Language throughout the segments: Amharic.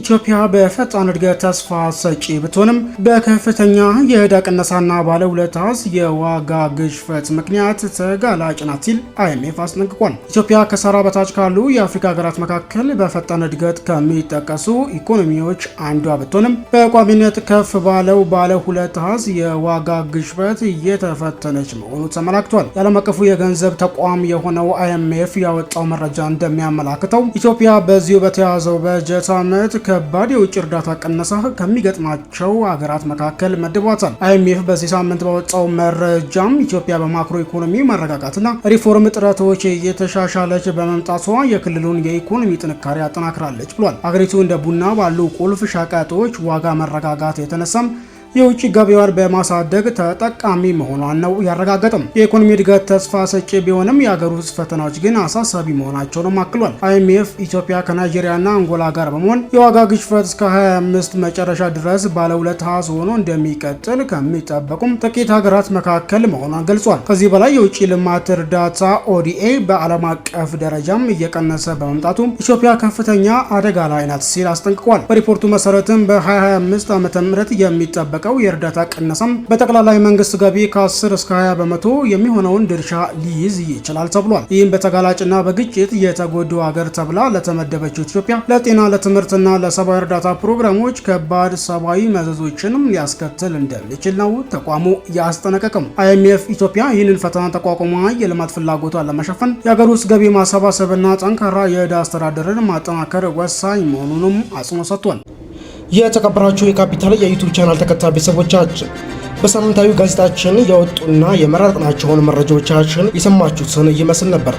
ኢትዮጵያ በፈጣን እድገት ተስፋ ሰጪ ብትሆንም በከፍተኛ የዕዳ ቅነሳና ሁለት አሃዝ የዋጋ ግሽፈት ምክንያት ተጋላጭ ናት ሲል አይኤምኤፍ አስጠንቅቋል። ኢትዮጵያ ከሰሃራ በታች ካሉ የአፍሪካ ሀገራት መካከል በፈጣን እድገት ከሚጠቀሱ ኢኮኖሚዎች አንዷ ብትሆንም በቋሚነት ከፍ ባለው ባለ ሁለት አሃዝ የዋጋ ግሽበት እየተፈተነች መሆኑ ተመላክቷል። የዓለም አቀፉ የገንዘብ ተቋም የሆነው አይኤምኤፍ ያወጣው መረጃ እንደሚያመላክተው ኢትዮጵያ በዚሁ በተያዘው በጀት ዓመት ከባድ የውጭ እርዳታ ቅነሳ ከሚገጥማቸው ሀገራት መካከል መድቧታል። አይኤምኤፍ በዚህ ሳምንት ባወጣው መረጃም ኢትዮጵያ በማክሮ ኢኮኖሚ መረጋጋትና ሪፎርም ጥረቶች እየተሻሻለች በመምጣቷ የክልሉን የኢኮኖሚ ጥንካሬ አጠናክራለች ብሏል። አገሪቱ እንደ ቡና ባሉ ቁልፍ ሸቀጦች ዋጋ መረጋጋት የተነሳም የውጭ ገቢዋን በማሳደግ ተጠቃሚ መሆኗን ነው ያረጋገጠም። የኢኮኖሚ እድገት ተስፋ ሰጪ ቢሆንም የአገር ውስጥ ፈተናዎች ግን አሳሳቢ መሆናቸውንም አክሏል። አይኤምኤፍ ኢትዮጵያ ከናይጄሪያና አንጎላ ጋር በመሆን የዋጋ ግሽፈት እስከ 25 መጨረሻ ድረስ ባለ ሁለት ሀስ ሆኖ እንደሚቀጥል ከሚጠበቁም ጥቂት ሀገራት መካከል መሆኗን ገልጿል። ከዚህ በላይ የውጭ ልማት እርዳታ ኦዲኤ በዓለም አቀፍ ደረጃም እየቀነሰ በመምጣቱ ኢትዮጵያ ከፍተኛ አደጋ ላይ ናት ሲል አስጠንቅቋል። በሪፖርቱ መሰረትም በ2025 ዓ ም የሚጠበቅ የሚጠበቀው የእርዳታ ቅነሳም በጠቅላላዊ መንግስት ገቢ ከ10 እስከ 20 በመቶ የሚሆነውን ድርሻ ሊይዝ ይችላል ተብሏል። ይህም በተጋላጭና በግጭት የተጎዱ ሀገር ተብላ ለተመደበችው ኢትዮጵያ ለጤና፣ ለትምህርትና ለሰብአዊ እርዳታ ፕሮግራሞች ከባድ ሰብአዊ መዘዞችንም ሊያስከትል እንደሚችል ነው ተቋሙ ያስጠነቀቅም። አይኤምኤፍ ኢትዮጵያ ይህንን ፈተና ተቋቁማ የልማት ፍላጎቷን ለመሸፈን የሀገር ውስጥ ገቢ ማሰባሰብና ጠንካራ የዕዳ አስተዳደርን ማጠናከር ወሳኝ መሆኑንም አጽንኦ ሰጥቷል። የተከበራችሁ የካፒታል የዩቱብ ቻናል ተከታይ ቤተሰቦቻችን በሳምንታዊ ጋዜጣችን የወጡና የመረጥናቸውን መረጃዎቻችን የሰማችሁትን ይመስል ነበር።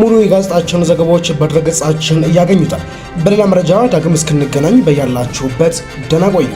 ሙሉ የጋዜጣችን ዘገባዎች በድረገጻችን ያገኙታል። በሌላ መረጃ ዳግም እስክንገናኝ በያላችሁበት ደህና ቆዩ።